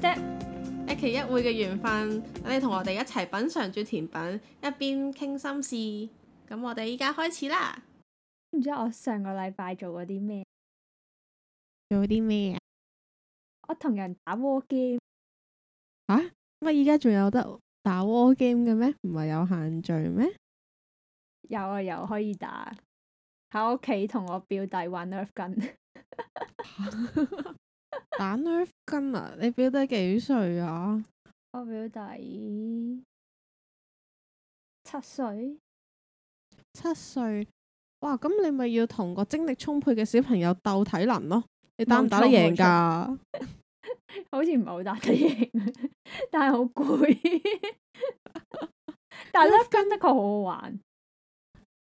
Step. 一期一會嘅緣分，等你同我哋一齊品嘗住甜品，一邊傾心事。咁我哋依家開始啦。唔知我上個禮拜做過啲咩？做啲咩啊？我同人打 war game。啊？乜依家仲有得打 war game 嘅咩？唔係有限聚咩？啊？有啊有，可以打。喺屋企同我表弟玩《Nerf Gun。》 打 Nerf Gun 啊！你表弟幾歲啊？我表弟七歲，七歲。哇！咁你咪要同個精力充沛嘅小朋友鬥體能咯？你打唔打， 打得贏噶？好似唔係好打得贏 erve、欸，但係好攰。但係 Nerf Gun 的確好好玩。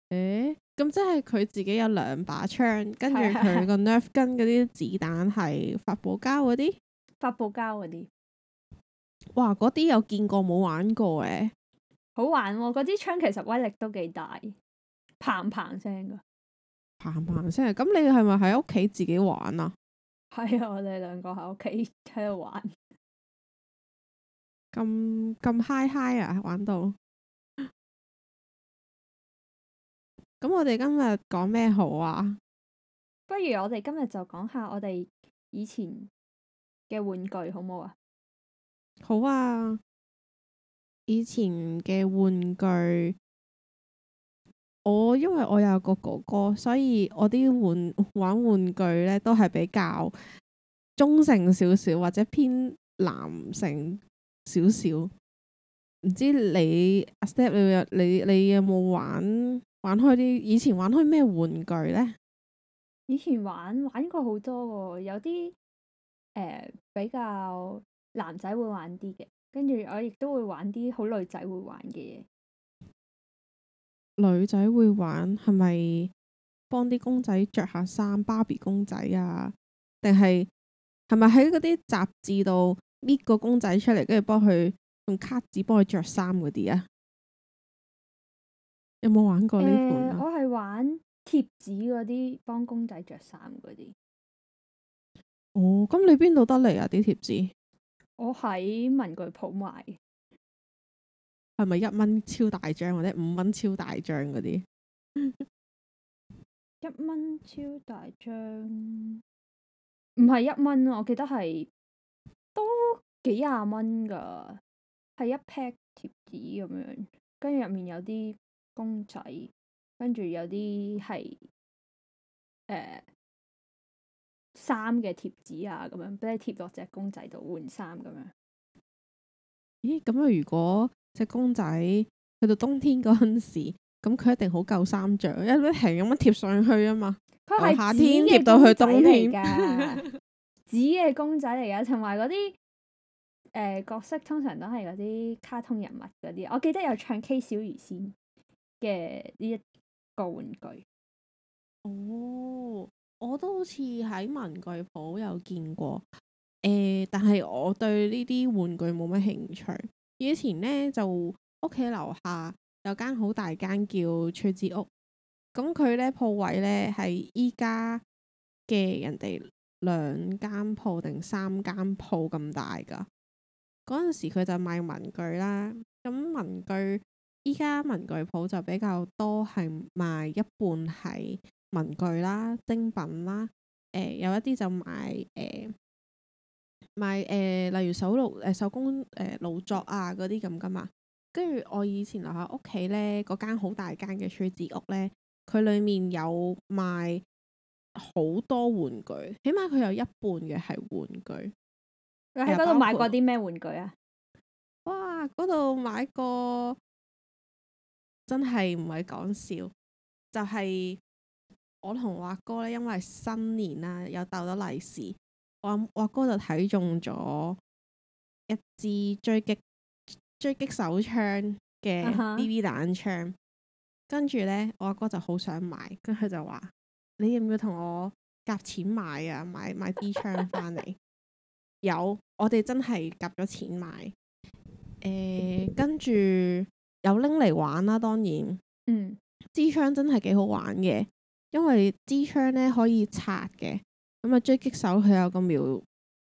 誒～咁、嗯、即係佢自己有兩把槍，跟住佢個 Nerf 跟嗰啲子彈係發泡膠嗰啲，發泡膠嗰啲。哇，嗰啲有見過冇玩過誒？好玩喎、哦，嗰支槍其實威力都幾大，嘭嘭聲噶，嘭嘭聲、啊。咁你係咪喺屋企自己玩啊？係啊， 我哋兩個喺屋企喺度玩，咁咁嗨嗨 g 啊，玩到。咁我哋今日講咩好啊？不如我哋今日就講下我哋以前嘅玩具好冇啊？好啊！以前嘅玩具，我因為我有個哥哥，所以我啲玩玩玩具呢都係比較中性少少，或者偏男性少少。唔知你阿 Step 你有你，你有冇玩？玩開啲以前玩開咩玩具呢？以前玩玩過好多，有啲、呃、比較男仔會玩啲嘅，跟住，我亦都會玩啲好女仔會玩嘅嘢。女仔會玩係咪幫啲公仔着下衫？芭比公仔啊，定係係咪喺嗰啲雜誌度搣個公仔出嚟，跟住幫佢用卡紙幫佢着衫嗰啲啊？有冇玩過呢款？誒、呃，我係玩貼紙嗰啲，幫公仔着衫嗰啲。哦，咁你邊度得嚟啊？啲貼紙？我喺文具鋪買。係咪一蚊超大張或者五蚊超大張嗰啲？一 蚊超大張，唔係一蚊，我記得係都幾廿蚊噶，係一 pack 貼紙咁樣，跟住入面有啲。公仔，跟住有啲係誒衫嘅貼紙啊，咁樣俾你貼落隻公仔度換衫咁樣。咦？咁啊，如果隻公仔去到冬天嗰陣時，咁佢一定好夠衫著，一啲停咁樣貼上去啊嘛。佢係夏天貼到去冬天㗎。紙嘅公仔嚟㗎，同埋嗰啲誒角色通常都係嗰啲卡通人物嗰啲，我記得有唱 K 小魚仙。嘅呢一個玩具，哦，我都好似喺文具鋪有見過，誒、呃，但係我對呢啲玩具冇乜興趣。以前呢，就屋企樓下有間好大間叫趣之屋，咁、嗯、佢呢鋪位呢係依家嘅人哋兩間鋪定三間鋪咁大噶。嗰陣時佢就賣文具啦，咁、嗯、文具。依家文具鋪就比較多，係賣一半係文具啦、精品啦，誒、呃、有一啲就賣誒賣誒，例如手勞誒、呃、手工誒、呃、勞作啊嗰啲咁噶嘛。跟住我以前留喺屋企咧，嗰間好大間嘅書紙屋咧，佢裏面有賣好多玩具，起碼佢有一半嘅係玩具。你喺嗰度買過啲咩玩具啊？哇！嗰度買過。真係唔係講笑，就係、是、我同阿哥咧，因為新年啊，又斗咗利是，我阿哥就睇中咗一支狙擊狙擊手槍嘅 BB 彈槍，跟住、uh huh. 呢，我阿哥就好想買，有有跟住佢就話，你要唔要同我夾錢買啊？買買支槍翻嚟。 有我哋真係夾咗錢買，誒、呃，跟住。有拎嚟玩啦、啊，當然，嗯，支槍真係幾好玩嘅，因為支槍咧可以拆嘅，咁啊，狙擊手佢有個瞄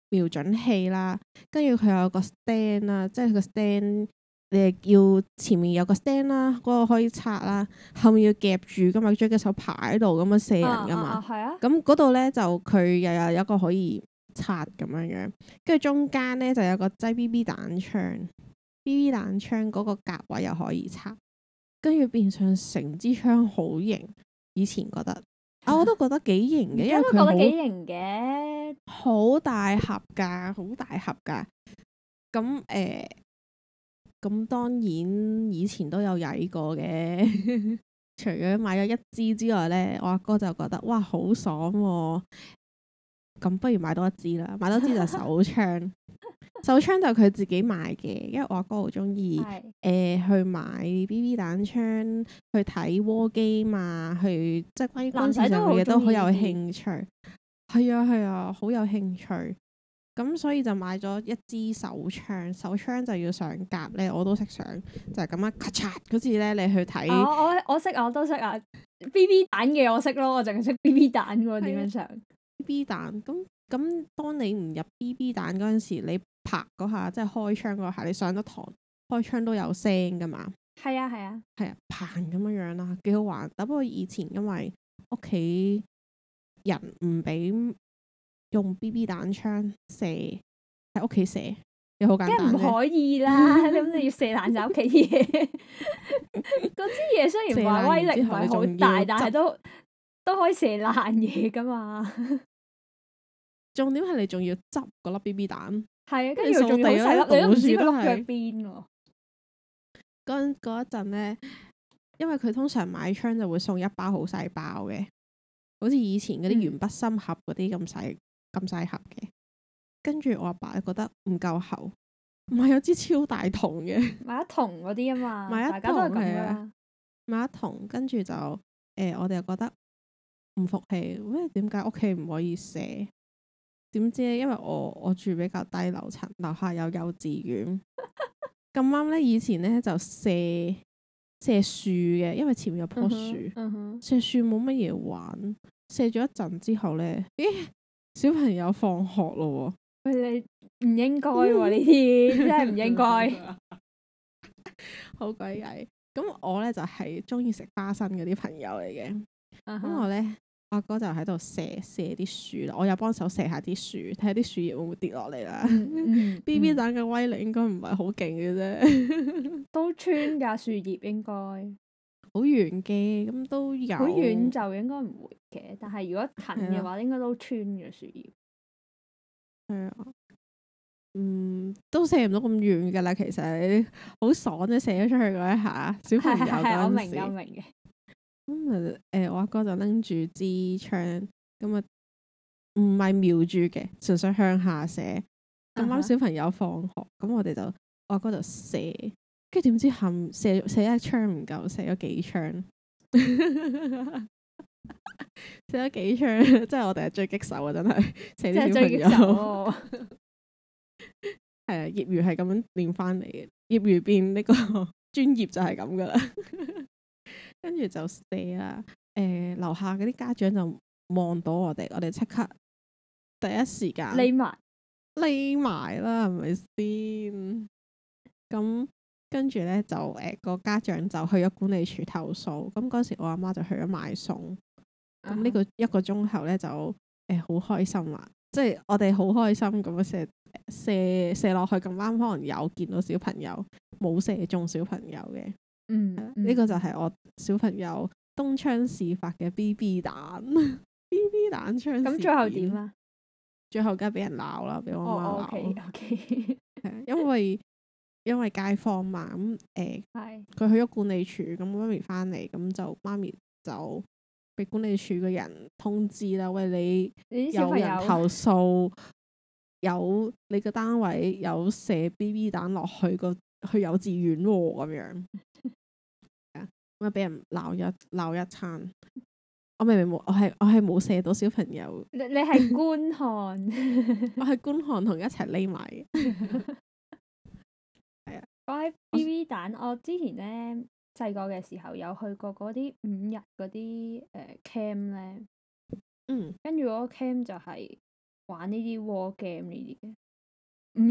瞄準器啦，跟住佢有個 stand 啦，即係個 stand，你要前面有個 stand 啦，嗰、嗰個可以拆啦，後面要夾住噶嘛，狙擊手排喺度咁樣射人噶嘛，係啊，咁嗰度咧就佢又有一個可以拆咁樣樣，跟住中間咧就有個 JBB 彈槍。BB 彈槍嗰個格位又可以插，跟住變上成支槍，好型。以前覺得，啊、我都覺得幾型嘅， 因為佢 好型嘅，好大盒噶，好大盒噶。咁誒，咁、嗯、當然以前都有曳過嘅， 除咗買咗一支之外呢，我阿哥、哥就覺得哇，好爽、啊。咁不如買多一支啦，買多支就手槍， 手槍就佢自己買嘅，因為我阿哥好中意誒去買 BB 彈槍，去睇窩機嘛，去即係關於軍事上嘅嘢都好有興趣。係啊係啊，好有興趣。咁所以就買咗一支手槍，手槍就要上甲咧，我都識上，就係、是、咁樣咔嚓嗰次咧，你去睇、哦、我我我識啊，我都識啊，BB 彈嘅我識咯，我淨係識,識,識 BB 彈嘅點樣上。B 彈咁咁，當你唔入 B B 彈嗰陣時，你拍嗰下即係開槍嗰下，你上咗堂開槍都有聲噶嘛？係啊係啊，係啊，嘭咁、啊、樣樣啦，幾好玩。只不過以前因為屋企人唔俾用 B B 彈槍射喺屋企射，又好簡單。唔可以啦，咁 你要射爛就屋企嘢。嗰支嘢雖然話威力唔係好大，但係都就都可以射爛嘢噶嘛。 重點係你仲要執嗰粒 B B 蛋，係啊，跟住仲要執粒你都唔知粒喺邊。嗰嗰一陣咧，因為佢通常買槍就會送一包好細包嘅，好似以前嗰啲鉛筆芯盒嗰啲咁細咁細盒嘅。跟住我阿爸，爸覺得唔夠厚，買咗支超大桶嘅，買一桶嗰啲啊嘛，買一桶大家都係啊，買一桶？跟住就誒、呃，我哋又覺得唔服氣，咩點解屋企唔可以寫？點知咧？因為我我住比較低樓層，樓下有幼稚園。咁啱咧，以前咧就射射樹嘅，因為前面有棵樹。嗯嗯、射樹冇乜嘢玩，射咗一陣之後咧，咦，小朋友放學咯喎！喂，你唔應該喎、啊，呢啲真係唔應該， 好鬼曳。咁我咧就係中意食花生嗰啲朋友嚟嘅。咁、嗯、哼我咧。阿哥就喺度射射啲樹啦，我又幫手射下啲樹，睇下啲樹葉會唔會跌落嚟啦。BB 彈嘅威力應該唔係好勁嘅啫，都穿㗎樹葉應該好遠嘅，咁都有好遠就應該唔會嘅。但係如果近嘅話，嗯、應該都穿嘅樹葉。係啊，嗯，都射唔到咁遠㗎啦。其實好爽，你射咗出去嗰一下，小朋友嗰陣時。係，我明，我明嘅。咁誒、嗯呃，我阿哥就拎住支槍，咁啊唔係瞄住嘅，純粹向下射。咁啱、啊、哈小朋友放學，咁我哋就我阿哥就射，跟住點知冚射射一槍唔夠，射咗幾槍，射 咗幾槍，即係我哋係狙擊手啊！真係射啲小朋友，係、哦、 啊，業餘係咁樣練翻嚟嘅，業餘變呢個專業就係咁噶啦。 跟住就射啦，誒、呃，樓下嗰啲家長就望到我哋，我哋即刻第一時間匿埋匿埋啦，係咪先？咁、嗯、跟住咧就誒個、呃、家長就去咗管理處投訴，咁、嗯、嗰時我阿媽，媽就去咗買餸，咁、嗯、呢、uh huh. 個一個鐘後咧就誒好、呃、開心啦，即係我哋好開心咁射射射落去，咁啱可能有見到小朋友冇射中小朋友嘅。嗯，呢個就係我小朋友東窗事發嘅 B B 蛋、嗯、 ，B B 蛋窗事。咁最後點啊？最後梗係俾人鬧啦，俾我阿媽鬧。哦、okay, okay. 因為因為街坊嘛，咁、呃、誒，佢 去咗管理處，咁媽咪翻嚟，咁就媽咪就俾管理處嘅人通知啦，喂你有人投訴，你有你個單位有射 B B 蛋落去個。去幼稚園咁樣，咁啊俾人鬧一鬧一餐，我明明冇，我係我係冇射到小朋友。你你係觀看，我係觀看同一齊匿埋嘅。係啊，講起 B B 蛋，我之前咧細個嘅時候有去過嗰啲五日嗰啲誒 camp 咧。嗯。跟住我 camp 就係玩呢啲 war game 呢啲嘅，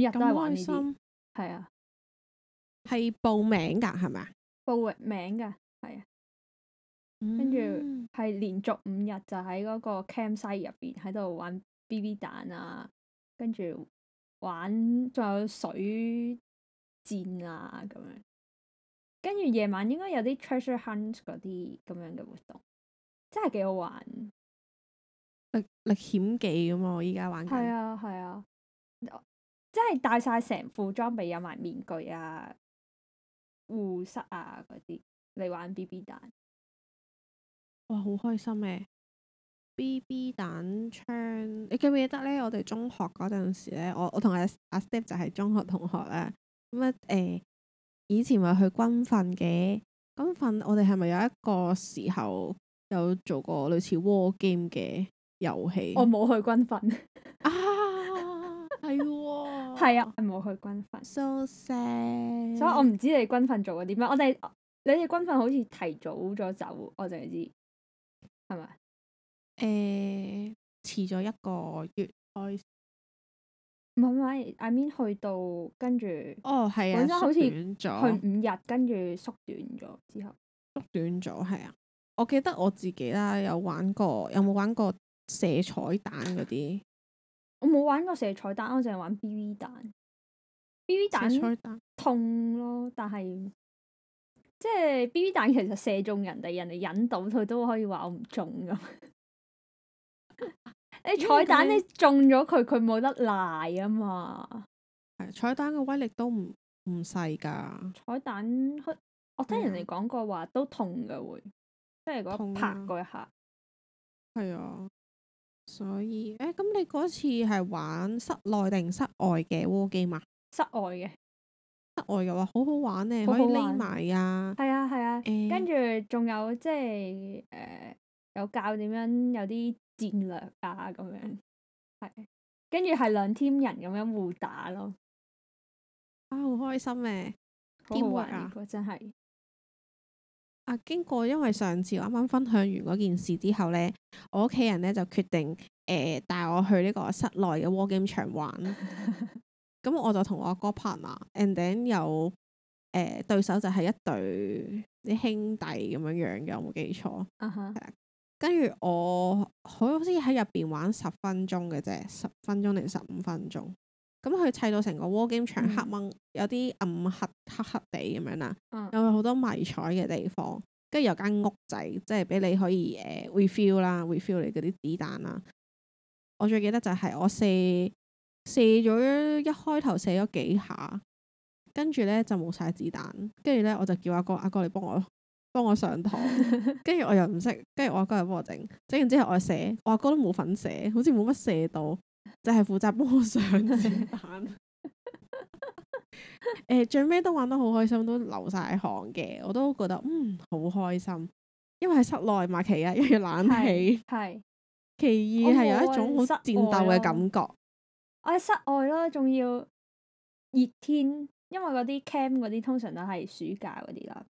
五日都係玩呢啲，係啊。係報名噶，係咪、嗯、啊？報名噶，係啊。跟住係連續五日就喺嗰個 campsite 入邊喺度玩 BB 彈啊，跟住玩仲有水戰啊咁樣。跟住夜晚應該有啲 treasure hunt 嗰啲咁樣嘅活動，真係幾好玩。歷險記，咁我依家玩緊。係啊係啊，即係戴晒成副裝備，有埋面具啊。護室啊，嗰啲你玩 B B 彈，哇，好開心嘅！B B 彈槍，你記唔記得呢？我哋中學嗰陣時呢，我我同阿阿 Step 就係中學同學啦。咁、嗯、啊，誒、欸，以前咪去軍訓嘅，軍訓我哋係咪有一個時候有做過類似 War Game 嘅遊戲？我冇去軍訓 啊。 係啊，我冇、啊、去軍訓。So sad。所以我唔知你軍訓做過啲咩，我哋你哋軍訓好似提早咗走，我淨係知，係咪？誒、欸，遲咗一個月開始。唔係唔係，I mean 去到跟住。哦，係啊。好似，去五日，跟住縮短咗之後。縮短咗係啊！我記得我自己啦，有玩過，有冇玩過射彩彈嗰啲？我冇玩過射彩蛋，我淨係玩 B V 蛋。B V 蛋,彩蛋痛咯，但係即係 B V 蛋其實射中人哋，人哋引到佢都可以話我唔中噶。 你彩蛋你中咗佢，佢冇得賴啊嘛。係彩蛋嘅威力都唔唔細噶。彩蛋，我聽人哋講過話的都痛噶，會即係嗰拍過一下。係啊。所以誒，咁、欸、你嗰次係玩室內定室外嘅 war game 嘛？室外嘅，室外嘅話好好玩呢，玩可以匿埋啊，係啊係啊，跟住仲有即係誒，有教樣有點樣有啲戰略啊咁樣，係、嗯，跟住係兩 team 人咁樣互打咯，啊好開心誒，好好玩啊，真係。啊！經過因為上次我啱啱分享完嗰件事之後呢，我屋企人呢就決定誒、呃、帶我去呢個室內嘅 war game 場玩。咁、 嗯、我就同我阿哥，哥 partner，and then 有誒、呃、對手就係一對啲兄弟咁樣樣，嘅，如果冇記錯。跟住、uh huh. 嗯、我好似喺入邊玩十分鐘嘅啫，十分鐘定十五分鐘。咁佢砌到成個 war game 場黑掹，嗯嗯嗯、有啲暗黑黑黑地咁樣啦，嗯、有好多迷彩嘅地方，跟住有間屋仔，即係俾你可以誒 refill、呃、啦，refill 你嗰啲子彈啦。我最記得就係我射射咗一開頭射咗幾下，跟住咧就冇晒子彈，跟住咧我就叫阿哥阿哥嚟幫我幫我上堂。跟住 我又唔識，跟住我阿哥又幫我整，整完之後我就射，我阿哥，哥都冇份射，好似冇乜射到。就係負責幫我上子彈，誒，最尾都玩得好開心，都流晒汗嘅，我都覺得嗯好開心，因為喺室內嘛，其一，因為要冷氣，係，其二係有一種好戰鬥嘅感覺，我喺室外咯，仲要熱天，因為嗰啲 camp 嗰啲通常都係暑假嗰啲啦，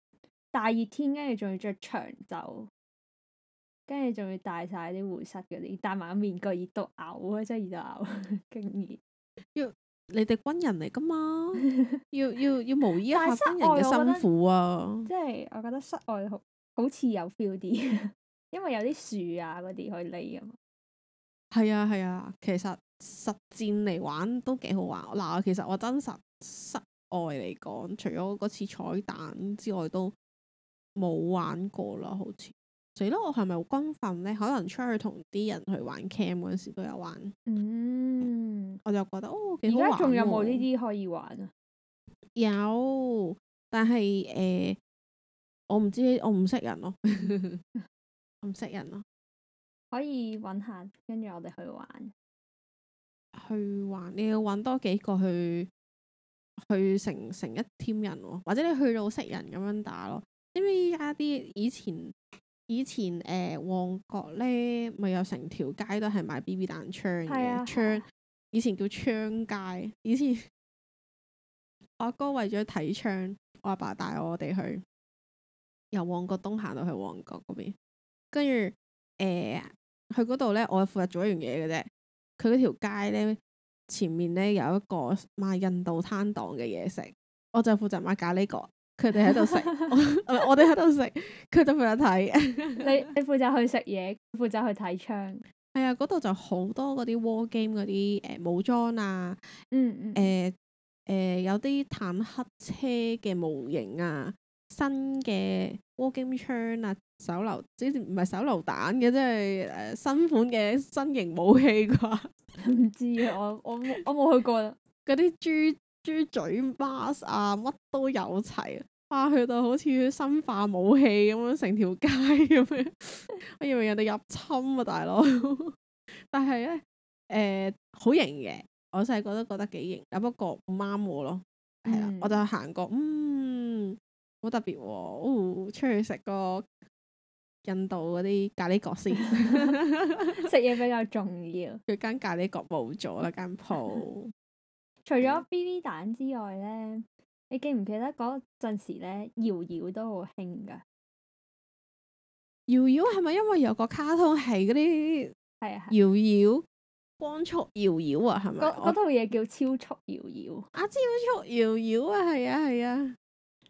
大熱天，跟住仲要着長袖。跟住仲要戴晒啲護膝嗰啲，戴埋個面具，熱到嘔啊！真係熱到嘔，驚熱。 要你哋軍人嚟噶嘛？要要要模擬一下軍 人嘅辛苦啊！即係我覺得室外好好似有 feel 啲，因為有啲樹啊嗰啲可以匿啊。係啊係啊，其實實戰嚟玩都幾好玩。嗱，啊，其實我真實室外嚟講，除咗嗰次彩蛋之外，都冇玩過啦，好似。死咯！我係咪好軍訓呢？可能出去同啲人去玩 cam 嗰陣時都有玩。嗯，我就覺得哦，而家仲有冇呢啲可以玩啊？有，但係誒、呃，我唔知，我唔識人咯，唔 識人咯，可以揾下，跟住我哋去玩。去玩你要揾多幾個去，去成成一 team 人，或者你去到識人咁樣打咯。知唔知依家啲以前。以前誒、呃，旺角咧，咪有成條街都係賣 BB 彈槍嘅槍，以前叫槍街。以前我阿哥為咗睇槍，我阿爸帶我哋去由旺角東行到去旺角嗰邊，跟住誒去嗰度咧，我負責做一樣嘢嘅啫。佢嗰條街咧前面咧有一個賣印度攤檔嘅嘢食，我就負責買咖喱角。佢哋喺度食， 我哋喺度食，佢就負責睇。你你負責去食嘢，負責去睇槍。係、哎呃、啊，嗰度就好多嗰啲 war game 嗰啲誒武裝啊，嗯嗯，誒誒、呃呃、有啲坦克車嘅模型啊，新嘅 war game 槍啊，手榴，之前唔係手榴彈嘅，即係誒、呃、新款嘅新型武器啩？唔 知啊，我我我冇去過，嗰啲豬。豬嘴巴士啊，乜都有齊、啊，啊。去到好似生化武器咁樣，成條街咁樣。 我以為人哋入侵啊，大佬。 但係咧，誒、呃，好型嘅，我細個都覺得幾型，不過唔啱我咯，係、嗯、啦。我就行過，嗯，好特別哦，哦，出去食個印度嗰啲咖喱角先。食 嘢 比較重要。佢間咖喱角冇咗啦，間鋪。 除咗 BB 蛋之外咧，你記唔記得嗰陣時咧搖搖都好興噶？搖搖係咪因為有個卡通係嗰啲？係啊係。搖搖光速搖搖啊，係咪、啊？嗰套嘢叫超速搖搖。啊，超速搖搖啊，係啊係啊。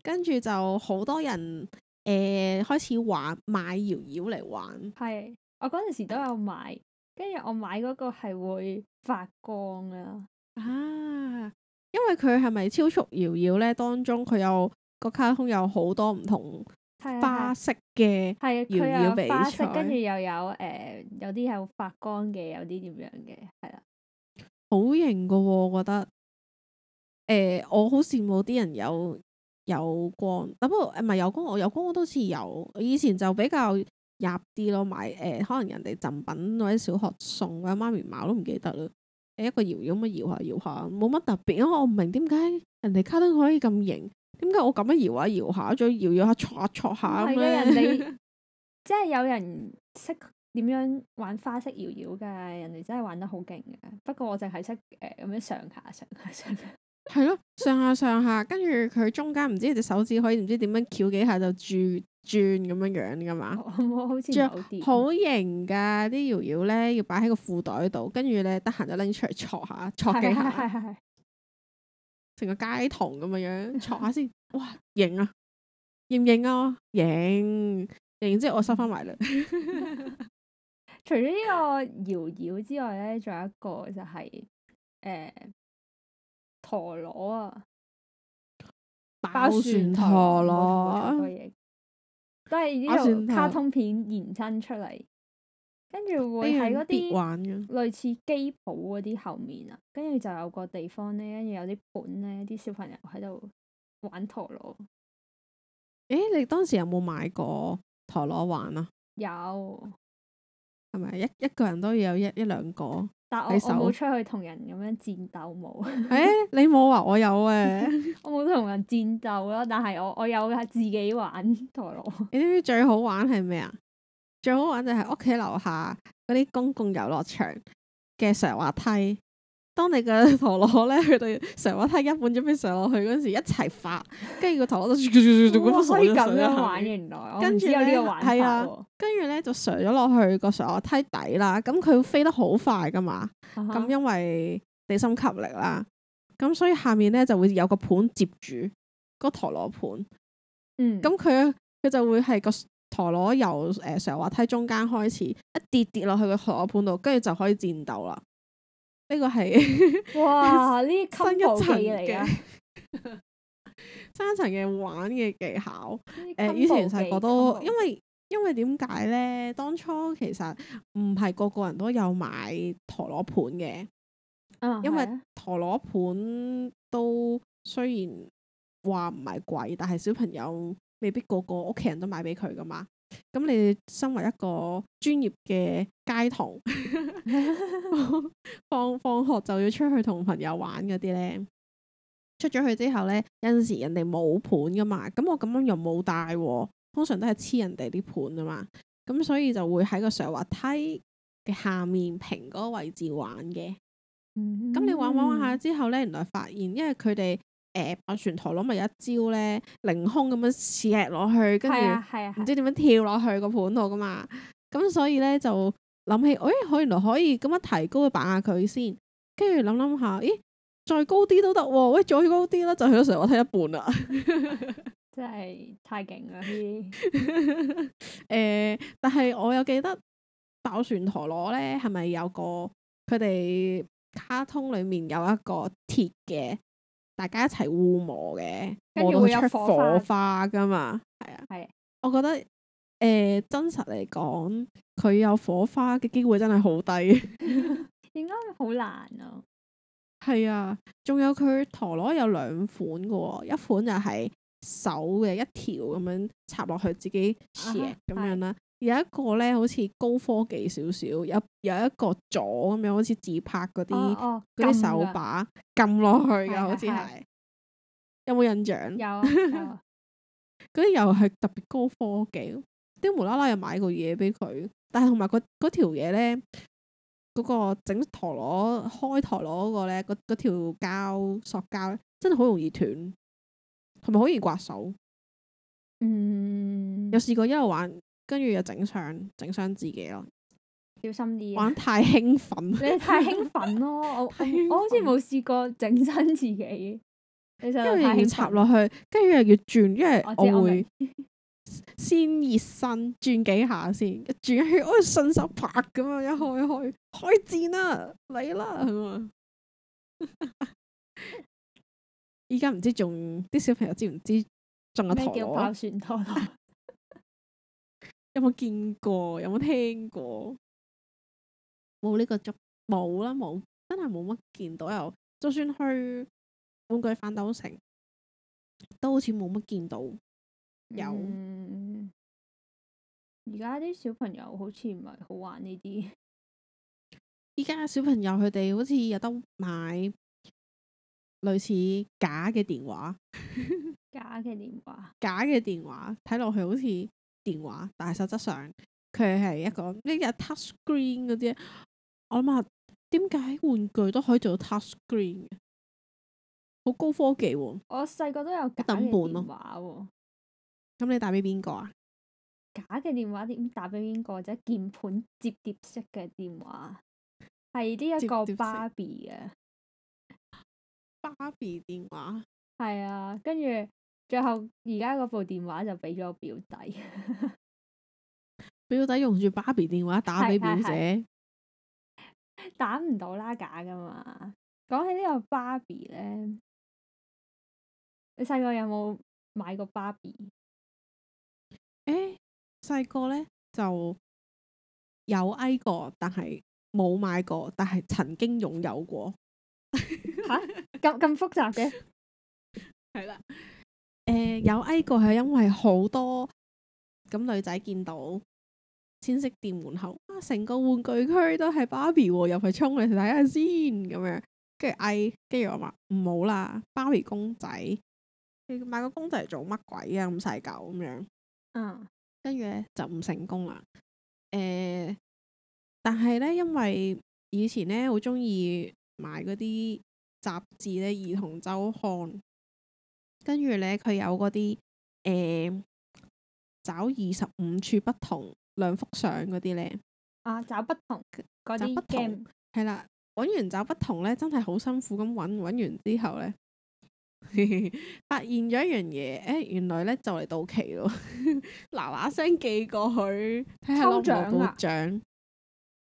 跟住、啊、就好多人誒、呃、開始玩買搖搖嚟玩。係、啊。我嗰陣時都有買，跟住我買嗰個係會發光啊。啊，因為佢係咪超速搖搖咧？當中佢有個卡通，有好多唔同花式嘅，係佢有花色，跟住又有誒，有啲係發光嘅，有啲點樣嘅，係啦，好型噶、哦，我覺得。誒、呃，我好羨慕啲人有有光，啊、不過誒唔係有光，我有光我都似有。以前就比較入啲咯，買誒、呃，可能人哋贈品或者小學送，或者媽咪買我都唔記得啦。誒，一個搖搖咁樣搖下搖下，冇乜特別啊！因為我唔明點解人哋卡通可以咁型，點解我咁樣搖下搖下，再搖搖下挫下挫下咁樣？人哋 即係有人識點樣玩花式搖搖噶？人哋真係玩得好勁噶。不過我淨係識誒咁樣上下上下上下。係咯， 上下上下，跟住佢中間唔知隻手指可以唔知點樣翹幾下就住。轉咁樣、oh, 有樣噶嘛？着有好型噶，啲搖搖咧要擺喺個褲袋度，跟住咧得閒就拎出嚟搓下，搓幾下。係係係。成個街童咁樣樣搓下先，哇，型啊，型唔型啊？型，型完之後我收翻埋啦。除咗呢個搖搖之外咧，仲有一個就係誒陀螺啊，爆、呃、旋陀螺。都係呢個卡通片延伸出嚟，跟住會喺嗰啲類似機舖嗰啲後面啊，跟住就有個地方咧，跟住有啲盤咧，啲小朋友喺度玩陀螺。誒、欸，你當時有冇買過陀螺玩啊？有，係咪一一個人都要有一一兩個？但我冇手出去同人咁樣戰鬥冇。誒、欸，你冇話我有誒、啊。 我冇同人戰鬥咯，但係我我有係自己玩陀螺。你知唔知最好玩係咩啊？最好玩就係屋企樓下嗰啲公共遊樂場嘅石滑、滑梯。當你嘅陀螺咧，去到上滑梯一半準備上落去嗰時，一齊發，跟住個陀螺就咁樣玩原來，我唔知有呢個玩法。跟住咧就上咗落去個上滑梯底啦。咁佢會飛得好快噶嘛。咁因為地心吸力啦，咁所以下面咧就會有個盤接住個陀螺盤。嗯，咁佢佢就會係個陀螺由誒上滑梯中間開始一跌跌落去個陀螺盤度，跟住就可以戰鬥啦。呢個係哇，呢新一層嘅的，新一層嘅玩嘅技巧。誒、呃，以前細個都因為因為點解咧？當初其實唔係個個人都有買陀螺盤嘅，啊、因為陀螺盤都雖然話唔係貴，但係小朋友未必個個屋企人都買俾佢噶嘛。咁你身為一個專業嘅街童， 放放學就要出去同朋友玩嗰啲咧。出咗去之後咧，有陣時人哋冇盤噶嘛，咁我咁樣又冇帶、啊，通常都係黐人哋啲盤啊嘛。咁所以就會喺個上滑梯嘅下面平嗰個位置玩嘅。咁、嗯、你玩玩玩下之後咧，原來發現因為佢哋。誒，爆旋，呃，陀螺咪有一招咧，凌空咁樣踢落去，跟住唔知點樣跳落去個盤度噶嘛？咁、啊啊啊、所以咧就諗起，誒、哎，我原來可以咁樣提高，把下佢先。跟住諗諗下，咦，再高啲都得、啊，喂、哎，再高啲啦，就去到成個廳一半啦。 真係太勁啦！誒、 呃，但係我有記得爆旋陀螺咧，係咪有個佢哋卡通裏面有一個鐵嘅？大家一齊互磨嘅，會有磨到出火花噶嘛？係啊，啊我覺得誒、呃，真實嚟講，佢有火花嘅機會真係好低，應該會好難咯。係啊，仲、啊、有佢陀螺有兩款嘅、哦，一款就係手嘅一條咁樣插落去自己斜咁樣啦。有一個咧，好似高科技少少，有有一個咗咁樣，好似自拍嗰啲嗰啲手把撳落去嘅好似係，有冇印象？有，嗰啲又係特別高科技，啲無啦啦又買個嘢俾佢，但係同埋嗰條嘢咧，嗰、嗰個整陀螺開陀螺嗰個咧，嗰嗰條膠塑膠真係好容易斷，係咪好易刮手？嗯，有試過一路玩。跟住又整傷整傷自己咯，小心啲，玩太興奮，你太興奮咯， 我我好似冇試過整傷自己。因為要插落去，跟住又要轉，因為我會先熱身，轉幾下先，轉起我順手拍咁樣，一開一開開戰啦、啊，嚟啦！依家唔知仲啲小朋友知唔知仲有陀螺有冇見過？有冇聽過？冇呢、這個就冇啦，冇真係冇乜見到。又就算去玩具反斗城，都好似冇乜見到。有。而家啲小朋友好似唔係好玩呢啲。依家小朋友佢哋好似有得買類似假嘅電話。 假嘅電話？假嘅電話？睇落去好似。電話，但係實質上佢係一個呢個 touch screen 嗰啲，我諗下點解玩具都可以做到 touch screen，好高科技喎。我細個都有假嘅電話喎。咁你打俾邊個啊？假嘅電話點打俾邊個？或者鍵盤折疊式嘅電話係呢一個芭比嘅芭比電話。係啊，跟住。最後而家嗰部電話就俾咗我表弟， 表弟用住芭比電話打俾表姐， 打唔到啦，假噶嘛。講起個呢個芭比咧，你細個有冇買過芭比？欸？誒，細個咧就有嗌過，但係冇買過，但係曾經擁有過。吓？咁咁複雜嘅，係啦。 誒、呃，有 A 過，係因為好多咁，嗯、女仔見到千色店門口啊，成個玩具區都係芭比，入去衝嚟睇下先咁樣，跟住 I，跟住我話唔好啦，芭比公仔，你買個公仔做乜鬼啊，咁細狗咁樣，跟住咧就唔成功啦。誒、呃，但係咧，因為以前咧好中意買嗰啲雜誌咧，兒童周刊。跟住咧，佢有嗰啲誒找二十五處不同兩幅相嗰啲咧。啊，找不同嗰啲不同係啦，揾完找不同咧，真係好辛苦咁揾。揾完之後咧， 發現咗一樣嘢，誒，原來咧就嚟到期咯，嗱嗱聲寄過去，睇下攞唔攞到獎。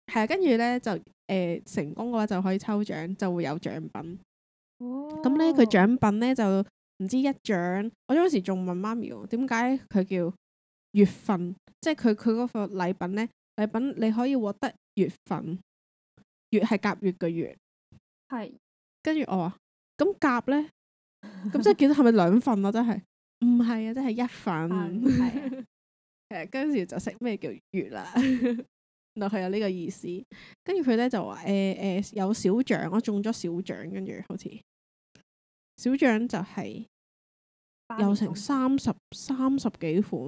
係啊，跟住咧就誒、呃、成功嘅話，就可以抽獎，就會有獎品。哦，咁咧佢獎品咧就～唔知一獎，我嗰時仲問媽咪，點解佢叫月份？即係佢佢嗰個禮品咧，禮品你可以獲得月份，月係甲月嘅月，係是。跟住我話，咁甲咧，咁即係見到係咪兩份啊？ 真係，唔係啊，真係一份。係、啊。誒， 嗰時就識咩叫月啦，原來 係有呢個意思。跟住佢咧就話，誒、呃、誒、呃呃，有小獎，我中咗小獎，跟住好似小獎就係、是。有成三十三十幾款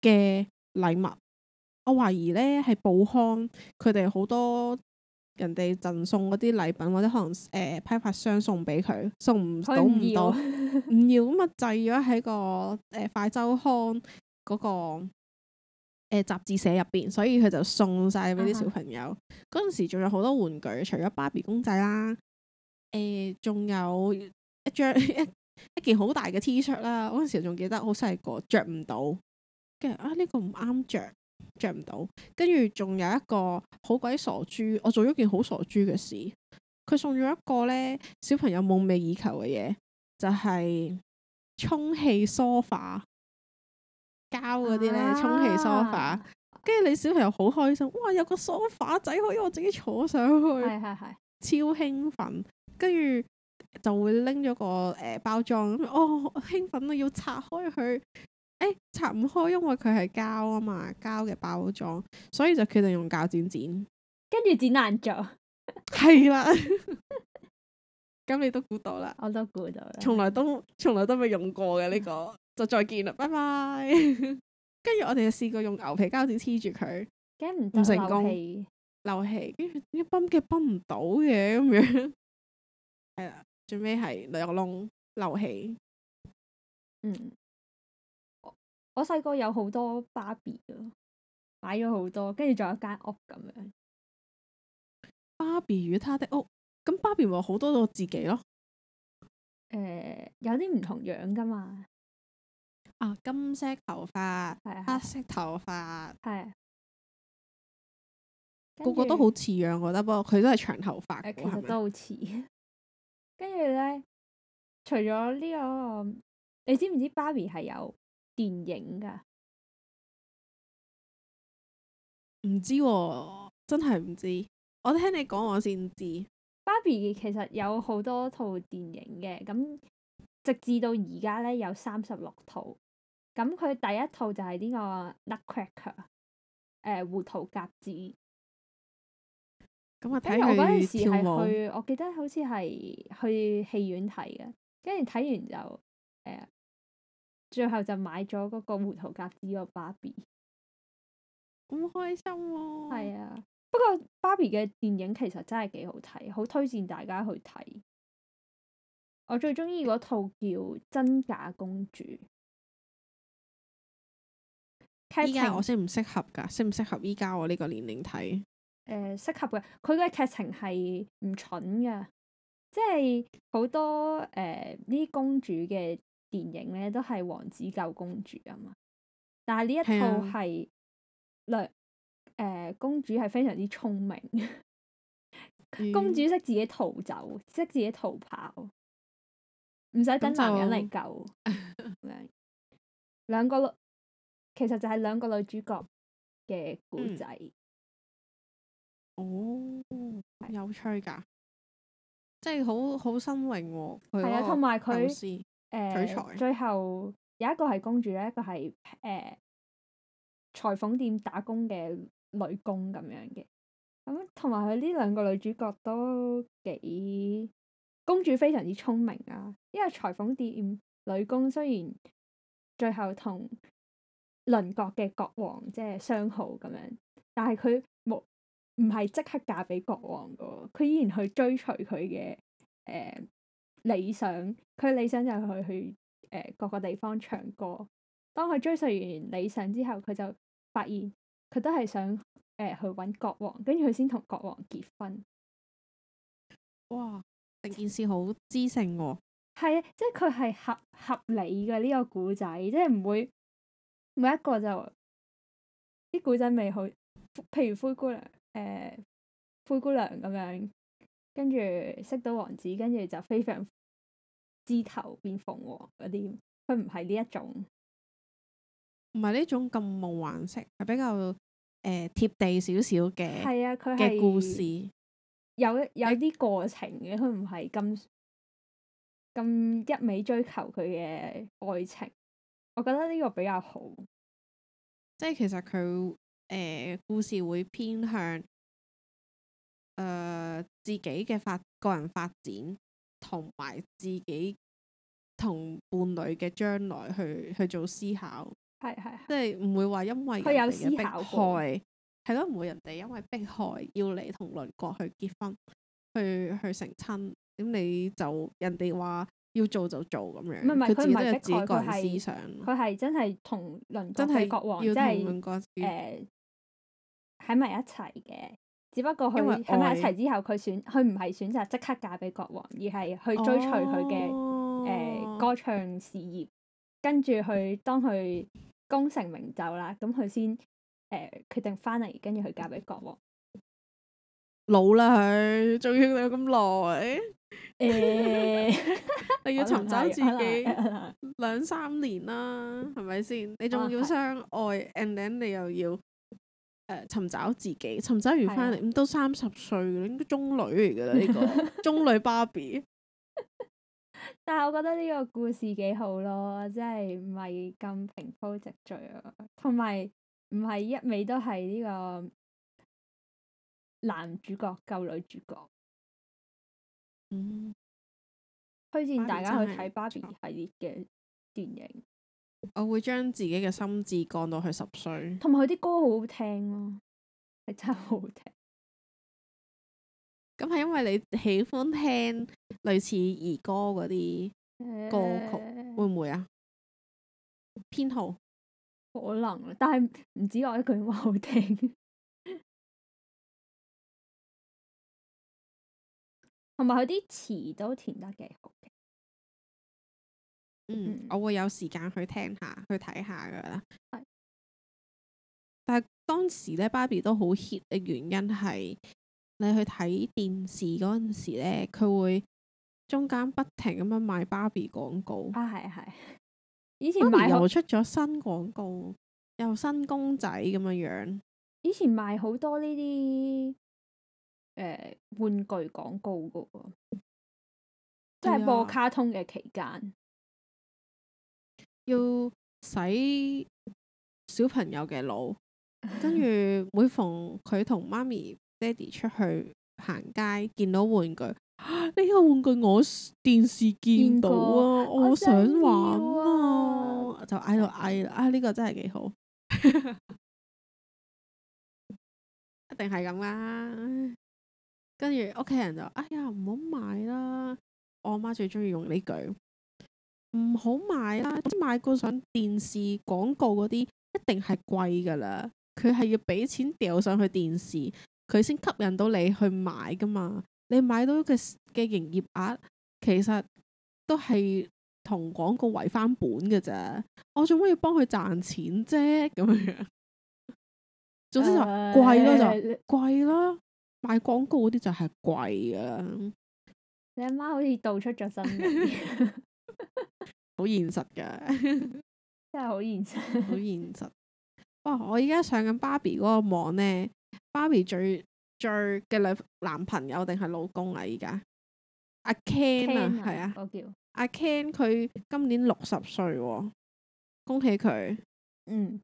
嘅禮物，我懷疑咧係報刊，佢哋好多人哋贈送嗰啲禮品，或者可能誒、呃、批發商送俾佢，送唔到唔到唔要咁啊，滯咗喺個誒、呃、快週刊嗰、那個誒、呃、雜誌社入邊，所以佢就送晒俾啲小朋友。嗰陣、uh huh. 時仲有好多玩具，除咗芭比公仔啦，誒、呃、仲有一張一。 一件好大嘅 T 恤啦，嗰陣時仲記得好細個着唔到，跟住啊呢個唔啱着，着唔到，跟住仲有一個好鬼傻豬，我做咗件好傻豬嘅事，佢送咗一個咧小朋友夢寐以求嘅嘢，就係充氣梳化膠嗰啲咧充氣梳化，跟住，啊，你小朋友好開心，哇有個梳化仔可以我自己坐上去，係係係，超興奮，跟住。就會拎咗個誒、呃、包裝咁，哦興奮到要拆開佢，誒、欸、拆唔開，因為佢係膠啊嘛，膠嘅包裝，所以就決定用鉸剪剪，跟住剪爛咗，係 是啦，咁 你都估到啦，我都估到啦，從來都從來都未用過嘅呢、這個， 就再見啦，拜拜。 跟住我哋就試過用牛皮膠紙黐住佢，驚唔成功，漏氣，跟住一泵嘅泵唔到嘅咁樣，係 啦。最尾係兩個窿漏氣。嗯，我我細個有好多芭比咯，買咗好多，跟住仲有間屋咁樣。芭比與她的屋。咁芭比咪好多到自己咯。誒、欸，有啲唔同樣噶嘛？啊，金色頭髮，黑色頭髮，係、啊啊、個個都好似樣，我覺得不過。佢都係長頭髮、啊，其實都好似。 跟住咧，除咗呢個，你知唔知芭比係有電影㗎？唔知喎，真係唔知。我聽你講我先知。芭比其實有好多套電影嘅，咁直至到而家咧，有三十六套。咁佢第一套就係呢個 Nutcracker，誒、呃、胡桃夾子。咁我睇佢跳舞。誒，我嗰陣時係去，我記得好似係去戲院睇嘅，跟住睇完就誒、呃，最後就買咗嗰個《胡桃夾子》個芭比，好開心喎、啊！係啊，不過芭比嘅電影其實真係幾好睇，好推薦大家去睇。我最中意嗰套叫《真假公主》。依家我適唔適合㗎？適唔適合依家我呢個年齡睇？誒，適、呃、合嘅，佢嘅劇情係唔蠢嘅，即係好多誒呢、呃、公主嘅電影咧，都係王子救公主啊嘛。但係呢一套係女，誒公主係非常之聰明，公主識 自己逃走，識自己逃跑，唔使等男人嚟救。咁樣，兩 個女，其實就係兩個女主角嘅古仔。嗯哦，有趣噶，即係好好新穎喎。係啊的，同埋佢，誒事，呃、取材最後有一個係公主咧，一個係誒、呃、裁縫店打工嘅女工咁樣嘅。咁同埋佢呢兩個女主角都幾公主非常之聰明啊。因為裁縫店女工雖然最後同鄰國嘅國王即係相好咁樣，但係佢。唔係即刻嫁俾國王噶，佢依然去追隨佢嘅，誒理想。佢理想就係去誒、呃、各個地方唱歌。當佢追隨完理想之後，佢就發現佢都係想誒、呃、去搵國王，跟住佢先同國王結婚。哇！成件事好知性喎。哦。係啊，即係佢係合合理嘅呢，這個古仔，即係唔會每一個就啲古仔未去，譬如灰姑娘。誒，灰姑娘咁樣，跟住識到王子，跟住就飛上枝頭變鳳凰嗰啲，佢唔係呢一種，唔係呢種咁夢幻式，係比較誒貼地少少嘅。係啊，佢嘅故事有有啲過程嘅，佢唔係咁咁一味追求佢嘅愛情，我覺得呢個比較好，即係其實佢。誒，故事會偏向誒、呃、自己嘅發個人發展，同埋自己同伴侶嘅將來去去做思考。係係，即係唔會話因為人迫有思考害，係咯，唔會人哋因為迫害要你同鄰國去結婚，去去成親。咁你就人哋話要做就做咁樣。唔係佢自己係自己個人思想，佢唔係迫害，佢係佢係真係同鄰真係國王，即係誒。是喺埋一齊嘅，只不過佢喺埋一齊之後，佢選佢唔係選擇即刻嫁俾國王，而係去追隨佢嘅誒歌唱事業。跟住佢當佢功成名就啦，咁佢先誒決定翻嚟，跟住佢嫁俾國王。老啦佢，仲要你咁耐，誒、欸，你 要尋找自己兩三年啦，係咪先？你仲要相愛、啊，and then 你又要。誒，尋、呃、找自己，尋找完翻嚟，咁的都三十歲啦，應該中女嚟噶啦，呢個中女芭比。 但係我覺得呢個故事幾好咯，即係唔係咁平鋪直敘啊，同埋唔係一味都係呢個男主角救女主角。嗯、推薦大家去睇芭比系列嘅電影。我會將自己嘅心智降到去十歲，同埋佢啲歌好好聽咯、啊，係真係好好聽。咁係因為你喜歡聽類似兒歌嗰啲歌曲，欸、會唔會啊？編號可能，但係唔止我一句話好聽，同埋佢啲詞都填得幾好。嗯，我會有時間去聽下，去睇下噶啦。係，但係當時咧，芭比都好 hit 嘅原因係，你去睇電視嗰陣時咧，佢會中間不停咁樣賣芭比廣告。啊，係係。以前芭比又出咗新廣告，又新公仔咁樣樣。以前賣好多呢啲誒玩具廣告噶喎，係。即係播卡通嘅期間。要洗小朋友嘅腦，跟住 每逢佢同媽咪、爹哋出去行街，見到玩具，呢、呢個玩具我電視見到啊，過我想玩啊，啊就嗌到嗌、啊這個、 啦，啊呢個真係幾好，一定係咁啦。跟住屋企人就哎呀唔好買啦，我阿媽最中意用呢句。唔好買啦，啊，即、就是、買過上電視廣告嗰啲一定係貴噶啦，佢係要俾錢掉上去電視，佢先吸引到你去買噶嘛。你買到嘅嘅營業額其實都係同廣告為翻本嘅咋，我做乜要幫佢賺錢啫？咁樣，總之貴、呃、就貴咯，就貴咯。賣廣告嗰啲就係貴啊！你阿媽，媽好似道出咗身。好現實噶， 真係好現實，好 現實。哇！我依家上緊芭比嗰個網呢，芭比最最嘅男男朋友定係老公啊？依家阿 Ken 啊，係啊，阿、啊、叫 Ken，佢今年六十歲喎，恭喜佢。嗯，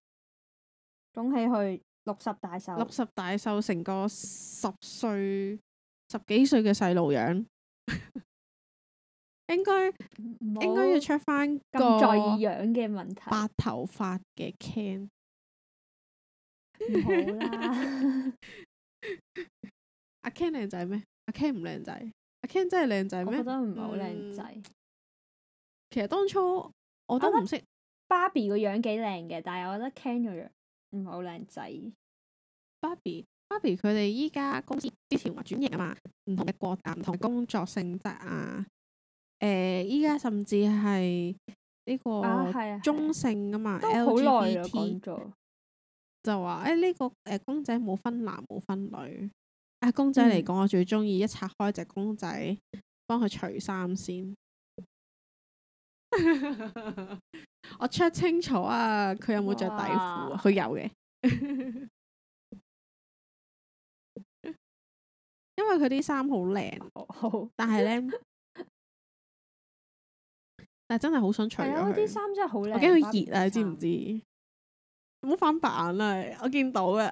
恭喜佢六十大壽，六十大壽成個十歲十幾歲嘅細路樣。 應該應該要 check 翻個在意樣嘅問題，白頭髮嘅 Ken 唔好啦。阿 Ken 靚仔咩？阿 Ken 唔靚仔，阿 Ken 真係靚仔咩？我覺得唔係好靚仔。其實當初我都唔識 Barbie 個樣幾靚嘅，但係我覺得 Ken 個樣唔係好靚仔。Barbie，Barbie 佢哋依家公司之前話轉型啊嘛，唔同嘅國啊，唔同工作性質啊。誒，依家、呃、甚至係呢個中性噶嘛，LGBT 就話誒呢個誒、呃、公仔冇分男冇分女。啊公仔嚟講，嗯、我最中意一拆開隻公仔，幫佢除衫先。 我 check 清楚啊，佢有冇着底褲？佢哇有嘅， 因為佢啲衫好靚， 但係咧。 但係真係好想除咗佢，啲衫真係好靚。我驚佢熱啊，你知唔知？唔好翻白眼啦！我見到啊！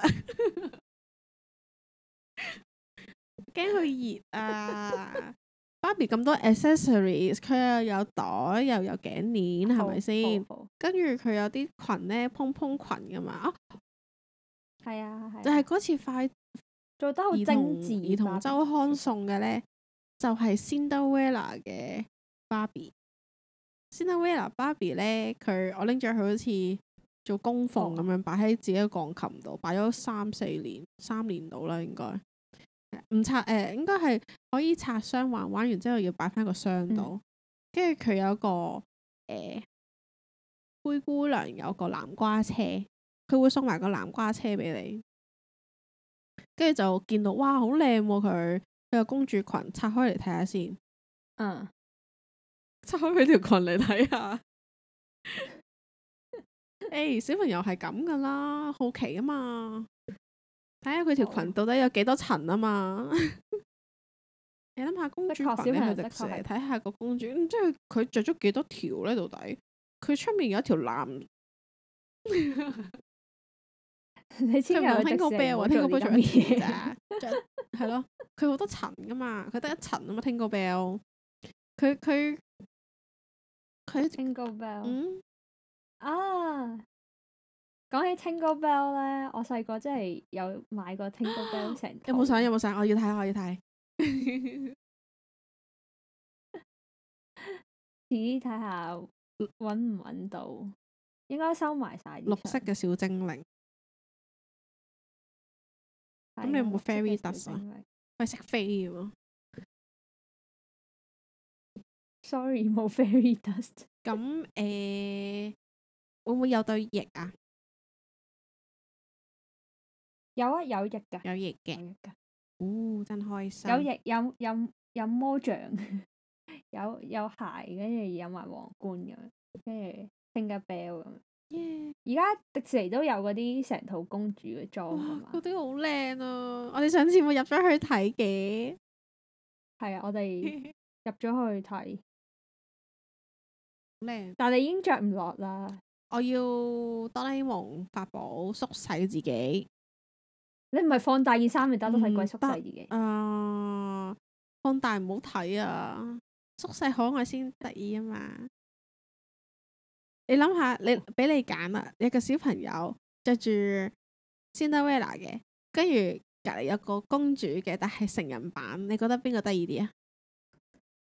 驚佢熱啊！芭比咁多 accessories，佢又有袋又有頸鏈，係咪先？跟住佢有啲裙咧，蓬蓬裙噶嘛。哦，係啊係啊，就係嗰次快做得好精緻。兒童周刊送嘅咧，就係 Cinderella 嘅芭比。《Cinderella》芭比咧，佢我拎咗佢好似做供奉咁樣，擺喺自己個鋼琴度，擺咗、哦、三四年，三年到啦應該。唔拆誒、呃，應該係可以拆箱玩，玩完之後要擺翻個箱度。跟住佢有一個誒、呃、灰姑娘有個南瓜車，佢會送埋個南瓜車俾你。跟住就見到哇，好靚喎佢。佢個公主裙拆開嚟睇下先。嗯。拆開佢條裙嚟睇下，誒，小朋友係咁噶啦，好奇啊嘛，睇下佢條裙到底有幾多層啊嘛？ 你諗下公主小朋友咧，平嚟睇下個公主，唔知佢佢着咗幾多條咧？到底佢出面有一條藍， 你知唔聽到 bell？聽到邊條嘢？係 咯，佢好多層噶嘛，佢得一層啊嘛，聽到 bell，佢佢。Tingle Bell 啊，講起 Tingle Bell 咧，我細個真係有買過 Tingle Bell 成。 你有冇相？有冇相？我要睇，我要睇。咦？ 睇下搵唔搵到？應該收埋晒。綠色嘅小精靈。咁、哎、呀你有冇 Fairy dust 識飛 sorry 冇 fairy dust 咁誒、 欸，會唔會有對翼啊？有啊，有翼噶。有翼嘅。有翼噶。哦，真開心。有翼有有有魔杖， 有有鞋，跟住有埋皇冠咁，跟住 Tinker Bell 咁。耶！而家迪士尼都有嗰啲成套公主嘅裝，嘛哇，嗰啲嗎好靚啊！我哋上次有冇入咗去睇嘅？係啊， 我哋入咗去睇。咩？但你已經着唔落啦！我要哆啦 A 夢法寶縮細自己。你唔係放大件衫咪得？鬥氣鬼縮細自己？啊、呃！放大唔好睇啊！縮細可愛先得意啊嘛！你諗下，你俾你揀啊，一個小朋友着住《Cinderella》嘅，跟住隔籬有個公主嘅，但係成人版，你覺得邊個得意啲啊？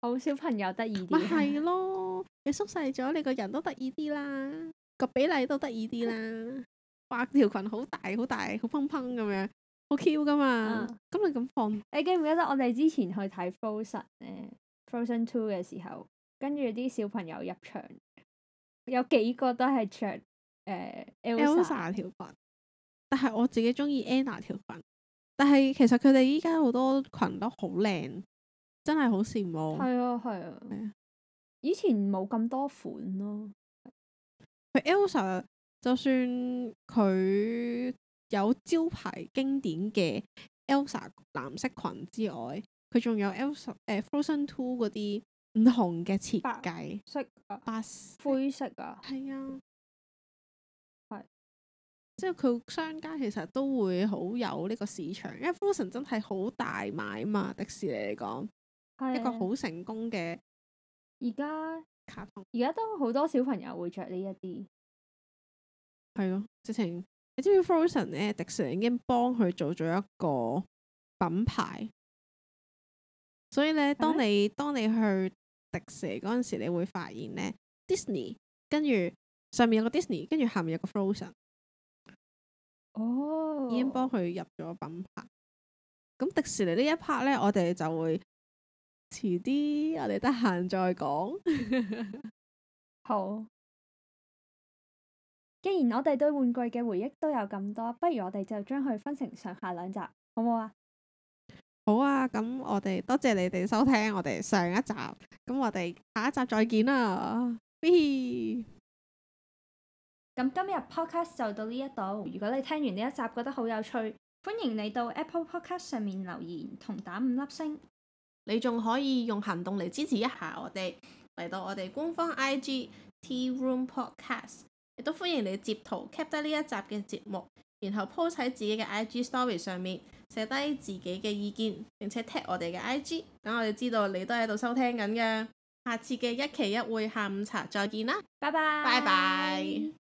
好，小朋友得意啲，咪係咯，你縮細咗，你個人都得意啲啦，個比例都得意啲啦。 白條裙好大，好大，好蓬蓬咁樣，好 Q 噶嘛。咁你咁放，你記唔記得我哋之前去睇 Frozen 咧，Frozen Two 嘅時候，跟住啲小朋友入場，有幾個都係着誒，Elsa 條裙，但係我自己中意 Anna 條裙。但係其實佢哋依家好多裙都好靚。真係好羨慕。係啊，係啊。以前冇咁多款咯。佢 Elsa 就算佢有招牌經典嘅 Elsa 藍色裙之外，佢仲有 Elsa 誒、欸、Frozen Two 嗰啲唔同嘅設計色、啊、白色灰色啊，係啊，係、啊。是即係佢商家其實都會好有呢個市場，因為 Frozen 真係好大賣啊嘛，迪士尼嚟講。一個好成功嘅，而家卡通，而家都好多小朋友會着呢一啲。係咯，直情你知唔知 Frozen 咧？迪士尼已經幫佢做咗一個品牌。所以咧，當你嗎當你去迪士尼嗰陣時，你會發現咧，Disney 跟住上面有個 Disney，跟住下面有個 Frozen。哦，已經幫佢入咗品牌。咁迪士尼呢一 part 咧，我哋就會。遲啲，我哋得閒再講。 好，既然我哋對玩具嘅回憶都有咁多，不如我哋就將佢分成上下兩集，好唔好？好啊？好啊，咁我哋多謝你哋收聽我哋上一集，咁我哋下一集再見啦。咁今日 podcast 就到呢一度，如果你聽完呢一集覺得好有趣，歡迎你到 Apple Podcast 上面留言同打五粒星。你仲可以用行動嚟支持一下我哋，嚟到我哋官方 IG Tea Room Podcast，亦都歡迎你截圖，Keep 得呢一集嘅節目，然後 po 喺自己嘅 I G Story 上面，寫低自己嘅意見，並且 tag 我哋嘅 I G，咁我哋知道你都喺度收聽緊嘅。下次嘅一期一會下午茶再見啦，拜拜，拜拜。